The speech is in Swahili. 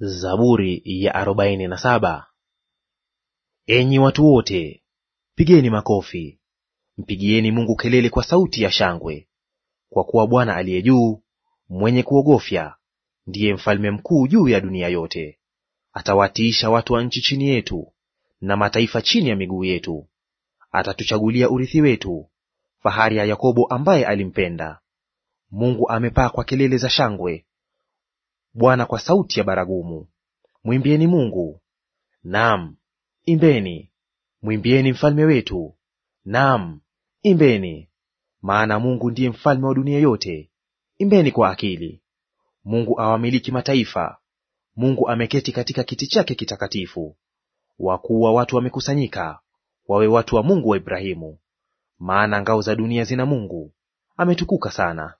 Zaburi ya arobaini na saba. Enyi watu wote, pigeni makofi, mpigieni Mungu kelele kwa sauti ya shangwe, kwa kuwa Bwana aliye juu, mwenye kuogofya, ndiye mfalme mkuu juu ya dunia yote. Atawatiisha watu wa nchi chini yetu, na mataifa chini ya miguu yetu. Atatuchagulia urithi wetu, fahari ya Yakobo ambaye alimpenda. Mungu amepaa kwa kelele za shangwe Bwana kwa sauti ya baragumu. Mwimbieni Mungu, naam imbeni, mwimbieni mfalme wetu, naam imbeni. Maana Mungu ndiye mfalme wa dunia yote, imbeni kwa akili. Mungu awamiliki mataifa, Mungu ameketi katika kiti chake kitakatifu. Wakuu wa watu wamekusanyika, wawe watu wa Mungu wa Ibrahimu. Maana ngao za dunia zina Mungu, ametukuka sana.